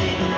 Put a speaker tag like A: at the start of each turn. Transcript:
A: Energy.